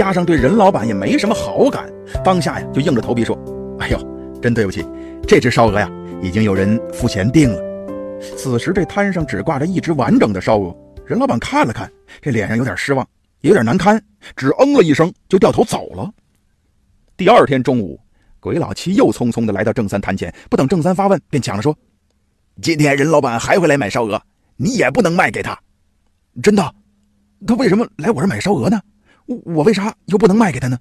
加上對任老板也沒什麼好感，當下呀就硬着頭皮說：“哎呦，真對不起，這隻燒鵝呀，已經有人付錢定了。”此時這攤上只掛着一隻完整的燒鵝，任老板看了看，這臉上有點失望，也有點難堪，只嗯了一聲就掉頭走了。第二天中午，鬼老七又匆匆的來到鄭三攤前，不等鄭三發問，便搶着說：“今天任老板還會來買燒鵝，你也不能賣給他。”“真的？他為什麼來我這兒買燒鵝呢？”我我為啥又不能賣給他呢？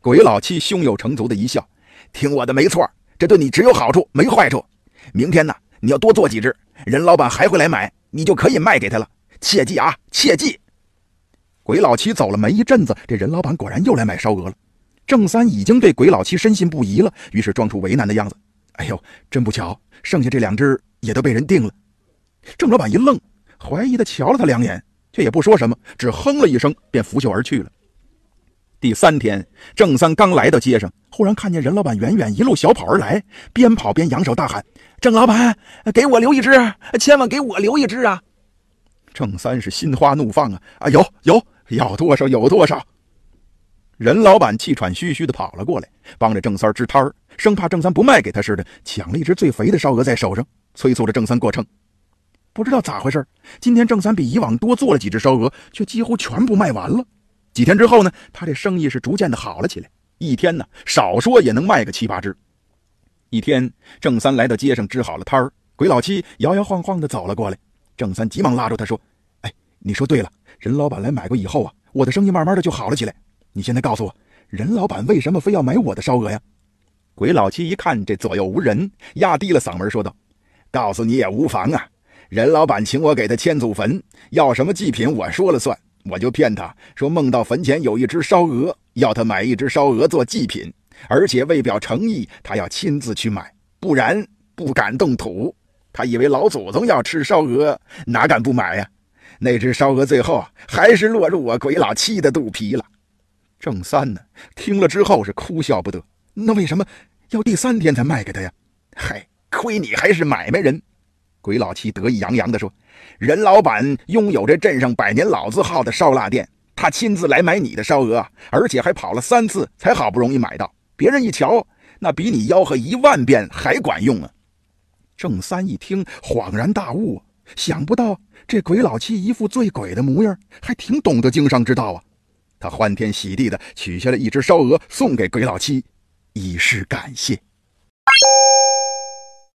鬼老七胸有成竹的一笑，聽我的沒錯，這對你只有好處沒壞處。明天呢、啊，你要多做幾只，任老板還會來買，你就可以賣給他了。切記啊，切記！鬼老七走了沒一陣子，這任老板果然又來買燒鵝了。鄭三已經對鬼老七深信不疑了，於是裝出為難的樣子。哎呦，真不巧，剩下這兩只也都被人訂了。鄭老板一愣，懷疑的瞧了他兩眼。卻也不說什麼，只哼了一聲，便拂袖而去了。第三天，鄭三剛來到街上，忽然看見任老板遠遠一路小跑而來，邊跑邊揚手大喊：“鄭老板，給我留一隻，千萬給我留一隻啊！”鄭三是心花怒放啊！啊，有有，要多少有多少。任老板氣喘吁吁地跑了過來，幫着鄭三支攤兒，生怕鄭三不賣給他似的，搶了一隻最肥的燒鵝在手上，催促着鄭三過秤。不知道咋回事，今天鄭三比以往多做了幾隻燒鵝，卻幾乎全部賣完了。幾天之後呢，他這生意是逐漸的好了起來，一天呢少說也能賣個七八隻。一天，鄭三來到街上支好了攤兒，鬼老七搖搖晃晃的走了過來，鄭三急忙拉住他說：“哎，你說對了，任老板來買過以後啊，我的生意慢慢的就好了起來。你現在告訴我，任老板為什麼非要買我的燒鵝呀？”鬼老七一看這左右無人，壓低了嗓門說道：“告訴你也無妨啊。”任老闆請我給他遷祖墳，要什麼祭品我說了算。我就騙他說夢到墳前有一隻燒鵝，要他買一隻燒鵝做祭品，而且為表誠意，他要親自去買，不然不敢動土。他以為老祖宗要吃燒鵝，哪敢不買呀？那隻燒鵝最後啊，還是落入我鬼老七的肚皮了。鄭三呢，聽了之後是哭笑不得。那為什麼要第三天才賣給他呀？嗨，虧你還是買賣人。鬼老七得意洋洋地說：“任老板擁有這鎮上百年老字號的燒臘店，他親自來買你的燒鵝，而且還跑了三次，才好不容易買到。別人一瞧，那比你吆喝一萬遍還管用啊！”鄭三一聽，恍然大悟，想不到這鬼老七一副醉鬼的模樣，還挺懂得經商之道啊！他歡天喜地地取下了一隻燒鵝送給鬼老七，以示感謝。